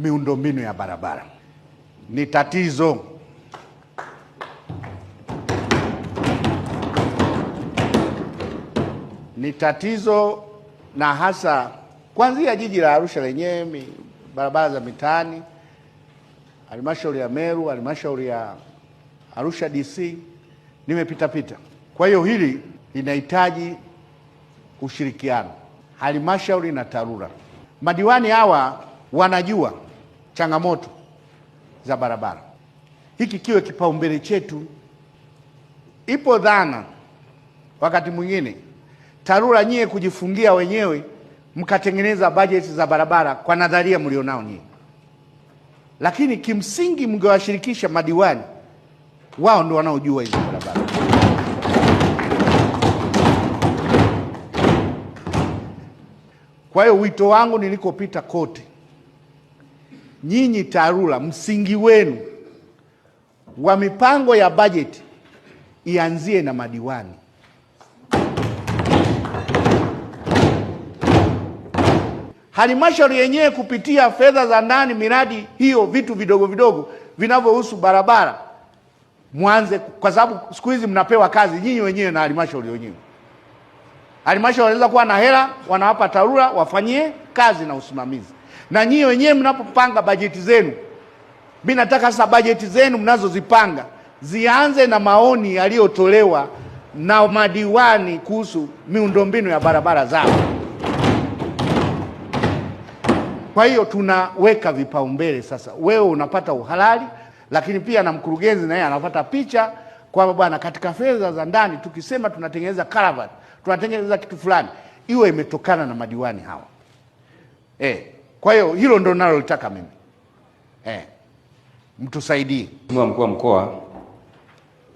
miundombinu ya barabara ni tatizo. Ni tatizo na hasa kuanzia jiji la Arusha lenyewe, barabara za mitaani, halmashauri ya Meru, halmashauri ya Arusha DC, nimepitapita. Kwa hiyo hili linahitaji ushirikiano halmashauri na TARURA. Madiwani hawa wanajua changamoto za barabara, hiki kiwe kipaumbele chetu. Ipo dhana wakati mwingine TARURA nyie kujifungia wenyewe mkatengeneza bajeti za barabara kwa nadharia mlionao nyie, lakini kimsingi mngewashirikisha madiwani, wao ndio wanaojua hizo barabara. Kwa hiyo wito wangu nilikopita kote nyinyi TARURA msingi wenu wa mipango ya bajeti ianzie na madiwani. Halmashauri yenyewe kupitia fedha za ndani, miradi hiyo, vitu vidogo vidogo vinavyohusu barabara, mwanze, kwa sababu siku hizi mnapewa kazi nyinyi wenyewe na halmashauri wenyewe. Halmashauri wanaweza kuwa na hela, wanawapa TARURA wafanyie kazi na usimamizi na nyie wenyewe mnapopanga bajeti zenu. Mimi nataka sasa bajeti zenu mnazozipanga zianze na maoni yaliyotolewa na madiwani kuhusu miundombinu ya barabara zao. Kwa hiyo tunaweka vipaumbele sasa, wewe unapata uhalali, lakini pia na mkurugenzi naye anapata picha kwamba bwana, katika fedha za ndani tukisema tunatengeneza caravan, tunatengeneza kitu fulani, iwe imetokana na madiwani hawa eh. Kwa hiyo hilo ndo nalolitaka mimi eh, mtusaidie. Mheshimiwa Mkuu wa Mkoa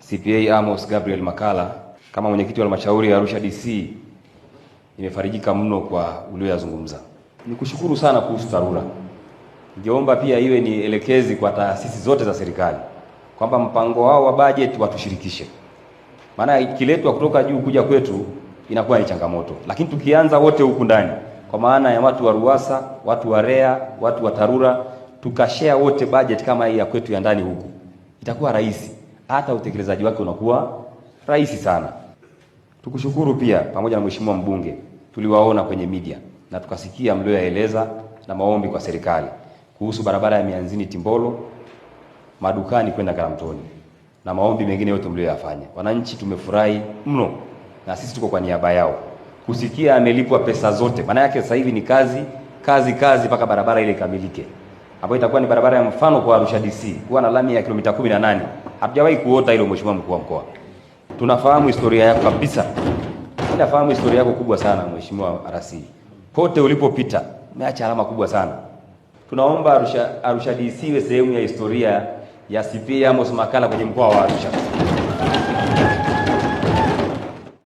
CPA Amos Gabriel Makala, kama mwenyekiti wa halmashauri ya Arusha DC, nimefarijika mno kwa ulioyazungumza. Nikushukuru sana kuhusu TARURA. Ningeomba pia iwe ni elekezi kwa taasisi zote za serikali kwamba mpango wao wa bajeti watushirikishe, maana ikiletwa kutoka juu kuja kwetu inakuwa ni changamoto, lakini tukianza wote huku ndani kwa maana ya watu wa ruasa watu wa REA, watu wa TARURA, tukashare wote budget kama hii ya kwetu ya ndani huku, itakuwa rahisi, hata utekelezaji wake unakuwa rahisi sana. Tukushukuru pia pamoja na mheshimiwa mbunge, tuliwaona kwenye media na tukasikia mlioyaeleza na maombi kwa serikali kuhusu barabara ya Mianzini Timbolo madukani kwenda Karamtoni na maombi mengine yote mlioyafanya. Wananchi tumefurahi mno, na sisi tuko kwa niaba yao kusikia amelipwa pesa zote. Maana yake sasa hivi ni kazi kazi kazi mpaka barabara ile ikamilike, ambayo itakuwa ni barabara ya mfano kwa Arusha DC, kuwa na lami ya kilomita 18. Hatujawahi kuota hilo, Mheshimiwa Mkuu wa Mkoa. Tunafahamu historia yako kabisa, tunafahamu historia yako kubwa sana Mheshimiwa RC, pote ulipopita umeacha alama kubwa sana. Tunaomba Arusha, Arusha DC iwe sehemu ya historia ya CP Amos Makalla kwenye mkoa wa Arusha.